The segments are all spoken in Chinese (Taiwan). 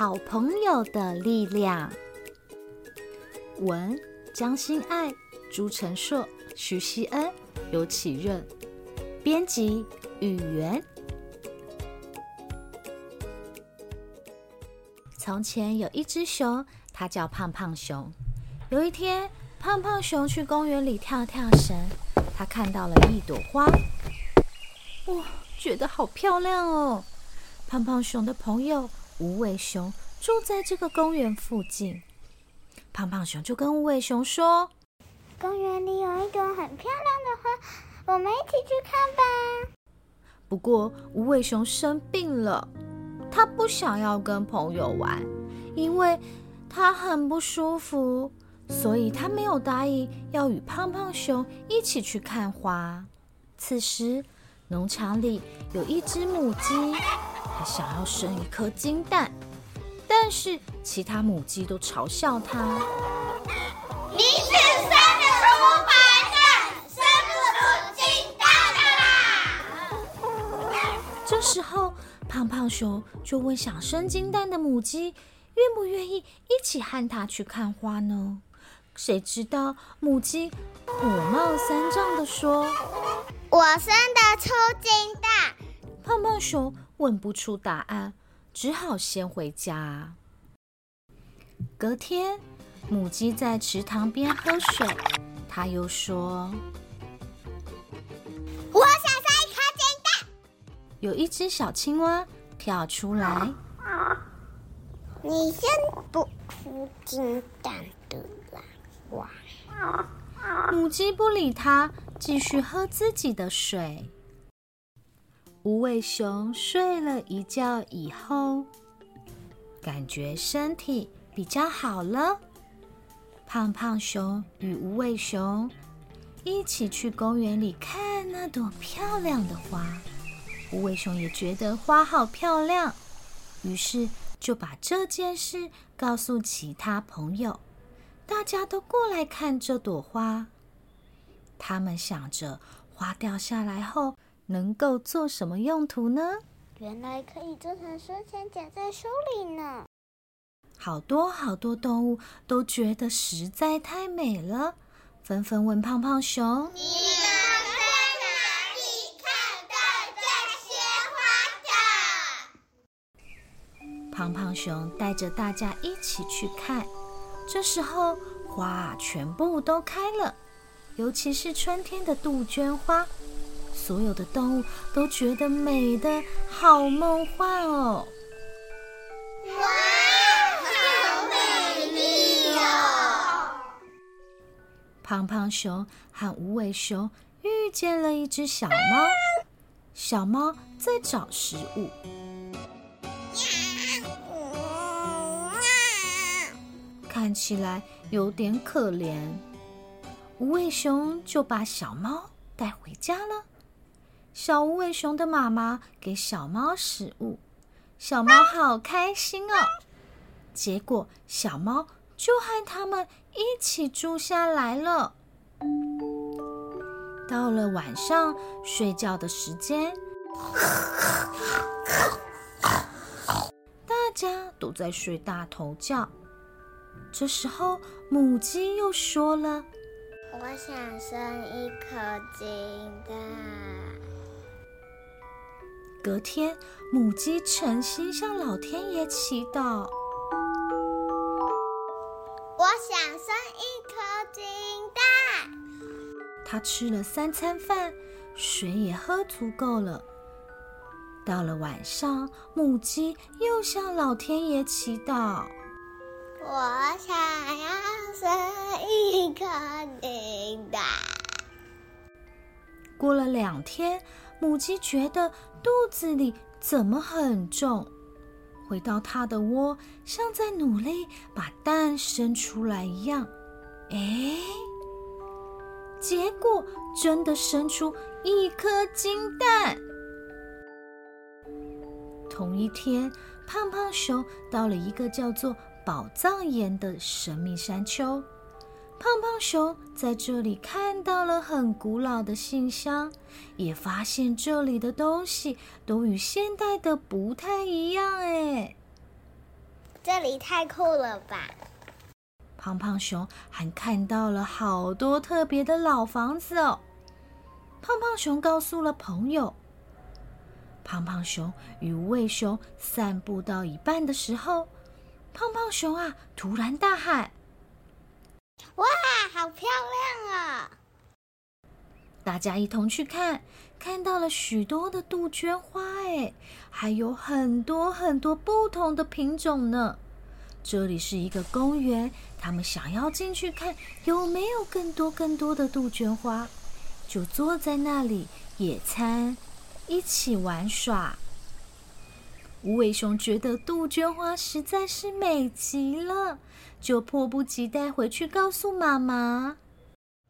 好朋友的力量。文江芯愛、朱晨碩、徐晞恩、游棨任。編輯語言。從前有一隻熊，它叫胖胖熊。有一天，胖胖熊去公園裡跳跳繩，它看到了一朵花，哇，覺得好漂亮哦！胖胖熊的朋友。無尾熊住在這個公園附近，胖胖熊就跟無尾熊說：“公園裡有一朵很漂亮的花，我們一起去看吧。”不過無尾熊生病了，他不想要跟朋友玩，因為他很不舒服，所以他沒有答應要與胖胖熊一起去看花。此時，農場裡有一隻母雞。想要生一顆金蛋，但是其他母雞都嘲笑他。你是生的出白蛋，生不出金蛋啦。啊啊、這時候，胖胖熊就問想生金蛋的母雞，願不願意一起和他去看花呢？誰知道母雞火冒三丈地說：“我生的出金蛋。”胖胖熊問不出答案，只好先回家。隔天，母雞在池塘邊喝水，它又說：“我想生一顆金蛋。”有一隻小青蛙跳出來：“你先不出金蛋的卵。啊”母雞不理它，繼續喝自己的水。無尾熊睡了一覺以後，感覺身體比較好了。胖胖熊與無尾熊一起去公園裡看那朵漂亮的花。無尾熊也覺得花好漂亮，於是就把這件事告訴其他朋友。大家都過來看這朵花。他們想着花掉下來後，能夠做什麼用途呢？原來可以做成書籤，夾在書裡呢。好多好多動物都覺得實在太美了，紛紛問胖胖熊：“你們在哪裡看到這些花的？”胖胖熊帶着大家一起去看。這時候，花全部都開了，尤其是春天的杜鵑花。所有的動物都覺得美得好夢幻哦！哇，好美麗哦！胖胖熊和無尾熊遇見了一隻小貓，呃、小貓在找食物，呃呃、看起來有點可憐。無尾熊就把小貓帶回家了。小無尾熊的媽媽給小貓食物，小貓好開心哦。結果小貓就和他們一起住下來了。到了晚上睡覺的時間，大家都在睡大頭覺。這時候母雞又說了：“我想生一顆金蛋。”隔天，母雞誠心向老天爺祈禱：“我想生一顆金蛋。”它吃了三餐飯，水也喝足夠了。到了晚上，母雞又向老天爺祈禱：“我想要生一顆金蛋。”過了兩天。母雞覺得肚子裡怎麼很重，回到它的窩，像在努力把蛋生出來一樣。哎，結果真的生出一顆金蛋。同一天，胖胖熊到了一個叫做寶藏岩的神秘山丘。胖胖熊在這裡看到了很古老的信箱，也發現這裡的東西都與現代的不太一樣。誒，這裡太酷了吧！胖胖熊還看到了好多特別的老房子哦。胖胖熊告訴了朋友。胖胖熊與尾熊散步到一半的時候，胖胖熊啊，突然大喊。哇，好漂亮啊！大家一同去看，看到了許多的杜鵑花，哎，還有很多很多不同的品種呢。這裡是一個公園，他們想要進去看有沒有更多更多的杜鵑花，就坐在那裡野餐，一起玩耍。無尾熊覺得杜鵑花實在是美極了，就迫不及待回去告訴媽媽：“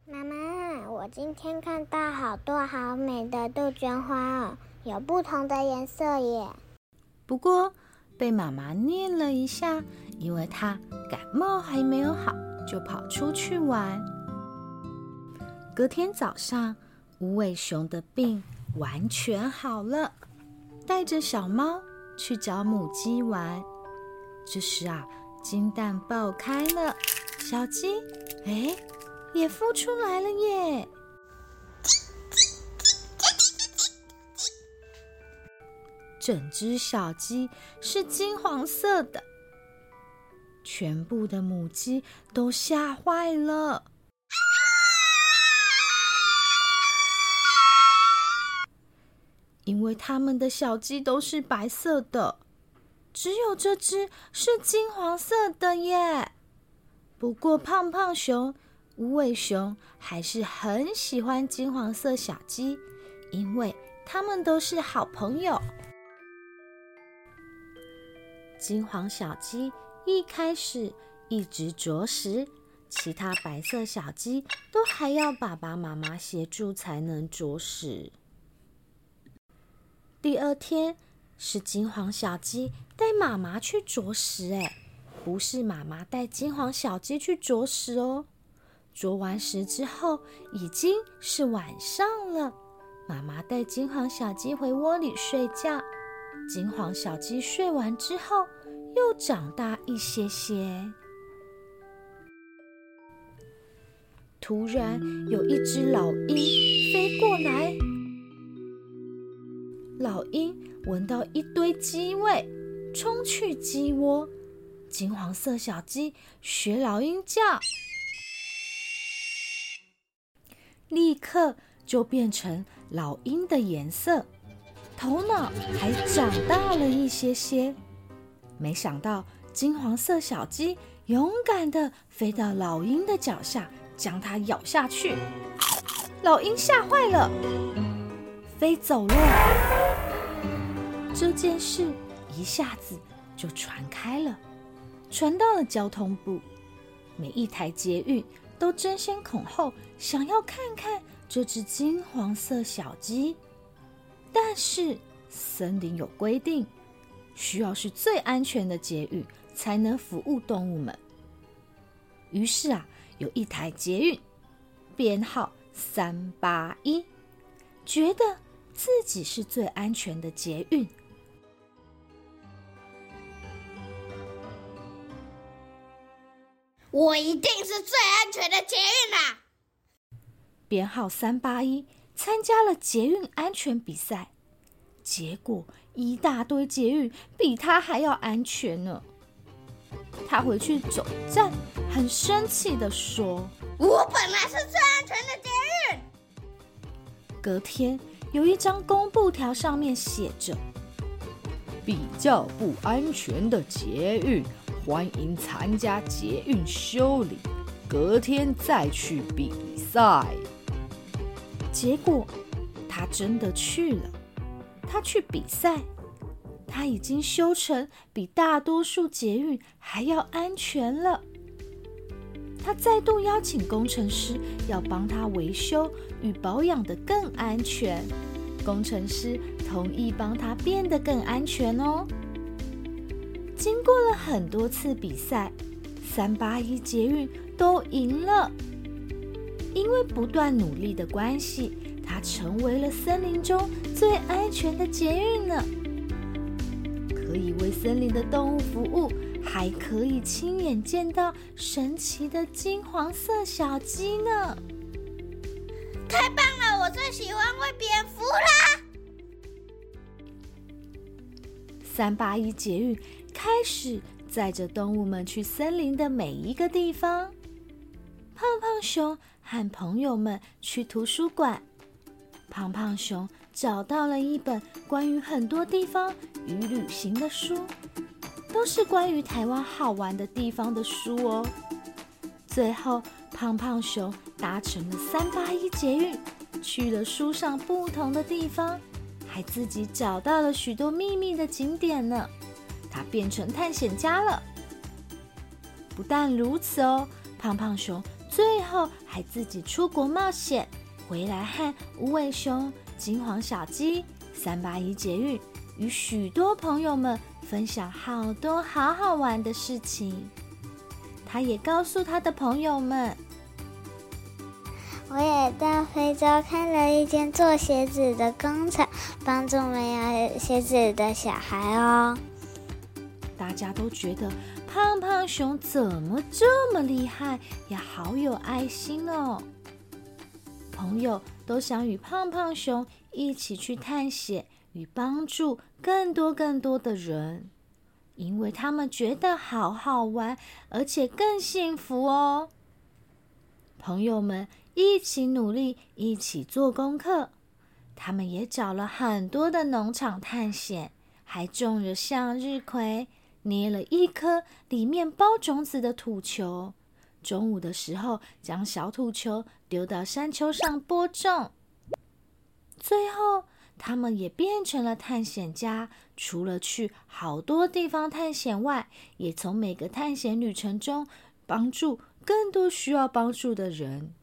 媽媽，我今天看到好多好美的杜鵑花哦，有不同的顏色耶。”不過被媽媽念了一下，因為她感冒還沒有好，就跑出去玩。隔天早上，無尾熊的病完全好了，帶着小貓。去找母雞玩，這時啊，金蛋爆開了，小雞，哎，也孵出來了耶！整隻小雞是金黃色的，全部的母雞都嚇壞了。因為它們的小雞都是白色的，只有這只是金黃色的耶。不過胖胖熊、無尾熊還是很喜歡金黃色小雞，因為它們都是好朋友。金黃小雞一開始一直啄食，其他白色小雞都還要爸爸媽媽協助才能啄食。第二天是金黃小雞帶媽媽去啄食，誒，不是媽媽帶金黃小雞去啄食哦。啄完食之後，已經是晚上了。媽媽帶金黃小雞回窩裡睡覺。金黃小雞睡完之後，又長大一些些。突然有一只老鷹飛過來。老鷹聞到一堆雞味，衝去雞窩。金黃色小雞學老鷹叫，立刻就變成老鷹的顏色，頭腦還長大了一些些。沒想到金黃色小雞勇敢地飛到老鷹的腳下，將它咬下去。老鷹嚇壞了，嗯，飛走了。這件事一下子就傳開了，傳到了交通部。每一台捷運都爭先恐後想要看看這隻金黃色小雞，但是森林有規定，需要是最安全的捷運才能服務動物們。於是啊，有一台捷運，編號381，覺得自己是最安全的捷運。「我一定是最安全的捷運啦、啊！」編號三八一參加了捷運安全比賽，結果一大堆捷運比他還要安全呢。他回去總站，很生氣地說：“我本來是最安全的捷運。”隔天有一張公布條，上面寫着：“比較不安全的捷運。”歡迎參加捷運修理，隔天再去比賽。結果他真的去了，他去比賽，他已經修成比大多數捷運還要安全了。他再度邀請工程師要幫他維修與保養得更安全，工程師同意幫他變得更安全哦。經過了很多次比賽，381捷運都贏了。因為不斷努力的關係，它成為了森林中最安全的捷運呢。可以為森林的動物服務，還可以親眼見到神奇的金黃色小雞呢。太棒了！我最喜歡餵蝙蝠啦。381捷運。開始載着動物們去森林的每一個地方。胖胖熊和朋友們去圖書館，胖胖熊找到了一本關於很多地方與旅行的書，都是關於台灣好玩的地方的書哦。最後，胖胖熊搭乘了381捷運，去了書上不同的地方，還自己找到了許多秘密的景點呢。他變成探險家了。不但如此哦，胖胖熊最後還自己出國冒險，回來和無尾熊、金黃小雞、三八一捷運與許多朋友們分享好多好好玩的事情。他也告訴他的朋友們：“我也到非洲開了一間做鞋子的工廠，幫助沒有鞋子的小孩哦。”大家都覺得胖胖熊怎麼這麼厲害，也好有愛心哦。朋友都想與胖胖熊一起去探險，與幫助更多更多的人，因為他們覺得好好玩，而且更幸福哦。朋友們一起努力，一起做功課，他們也找了很多的農場探險，還種了向日葵。捏了一顆裡面包種子的土球，中午的時候將小土球丟到山丘上播種。最後，他們也變成了探險家，除了去好多地方探險外，也從每個探險旅程中幫助更多需要幫助的人。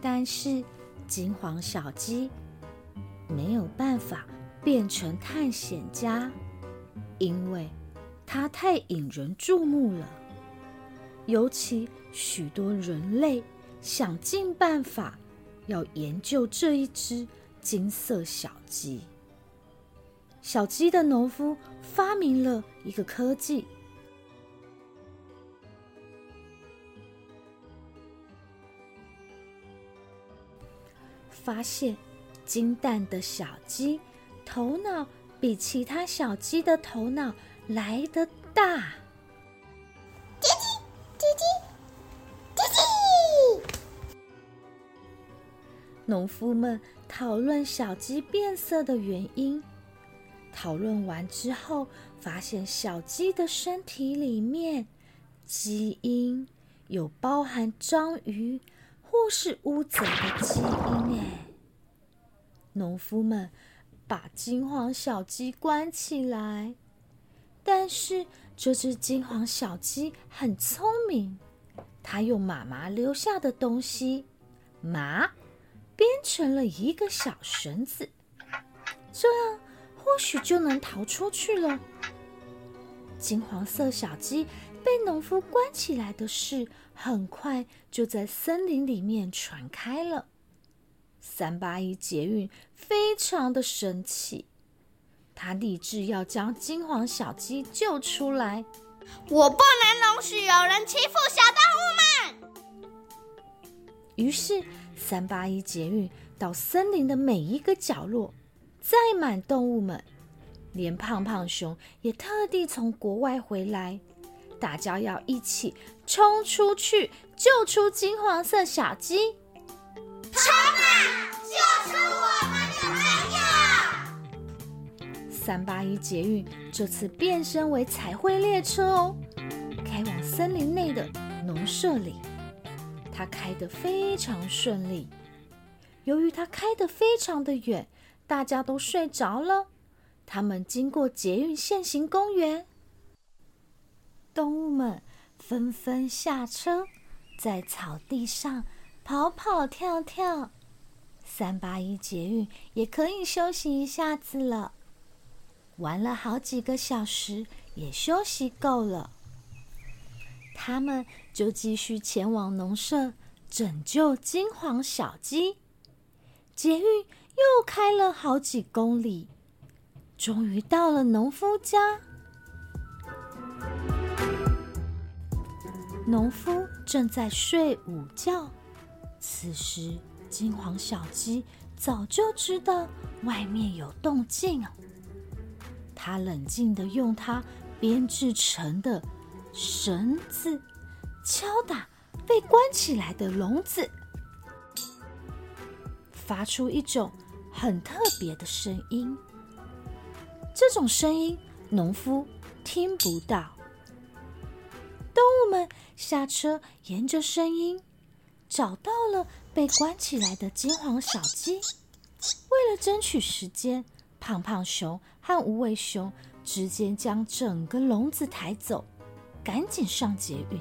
但是，金黃小雞沒有辦法變成探險家，因為。它太引人注目了，尤其許多人類想盡辦法要研究這一隻金色小雞。小雞的農夫發明了一個科技，發現金蛋的小雞頭腦比其他小雞的頭腦。來的大，嘰嘰嘰嘰嘰嘰。叮叮叮叮農夫們討論小雞變色的原因。討論完之後，發現小雞的身體裡面基因有包含章魚或是烏賊的基因。耶，農夫們把金黃小雞關起來。但是這隻金黃小雞很聰明，它用媽媽留下的東西，麻，編成了一個小繩子，這樣或許就能逃出去了。金黃色小雞被農夫關起來的事，很快就在森林裡面傳開了。三八一捷運非常的神奇。他立志要將金黃小雞救出來，我不能容許有人欺負小動物們。於是，381捷運，到森林的每一個角落，載滿動物們，連胖胖熊也特地從國外回來，大家要一起衝出去救出金黃色小雞，衝啊！三八一捷運這次變身為彩繪列車哦，開往森林內的農舍裡。它開得非常順利，由於它開得非常的遠，大家都睡着了。他們經過捷運限行公園，動物們紛紛下車，在草地上跑跑跳跳。三八一捷運也可以休息一下子了。玩了好幾個小時，也休息夠了。他們就繼續前往農舍拯救金黃小雞。捷運又開了好幾公里，終於到了農夫家。農夫正在睡午覺，此時金黃小雞早就知道外面有動靜了。他冷靜地用他編織成的繩子敲打被關起來的籠子，發出一種很特別的聲音。這種聲音農夫聽不到。動物們下車沿，沿着聲音找到了被關起來的金黃小雞。為了爭取時間，胖胖熊。但無尾熊直接將整個籠子抬走，趕緊上捷運。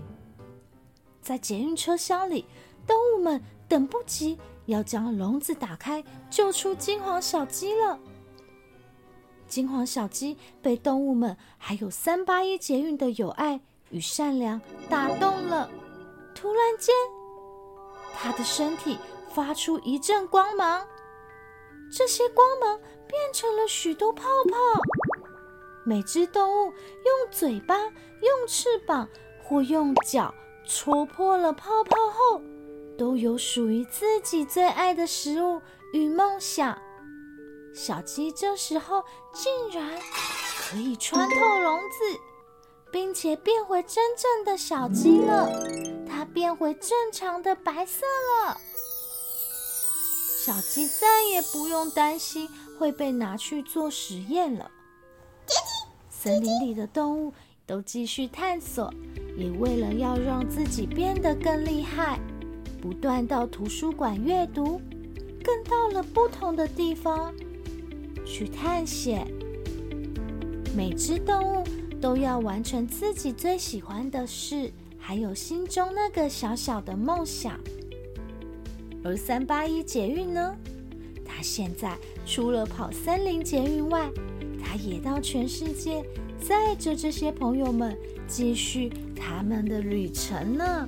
在捷運車廂裡，動物們等不及要將籠子打開，救出金黃小雞了。金黃小雞被動物們還有381捷運的友愛與善良打動了，突然間，它的身體發出一陣光芒。這些光芒變成了許多泡泡，每隻動物用嘴巴、用翅膀或用腳戳破了泡泡後，都有屬於自己最愛的食物與夢想。小雞這時候竟然可以穿透籠子，並且變回真正的小雞了，它變回正常的白色了。小雞再也不用擔心會被拿去做實驗了。森林裡的動物都繼續探索，也為了要讓自己變得更厲害，不斷到圖書館閱讀，更到了不同的地方去探險。每只動物都要完成自己最喜歡的事，還有心中那個小小的夢想。而三八一捷運呢？它現在除了跑森林捷運外，它也到全世界載着這些朋友們繼續他們的旅程呢。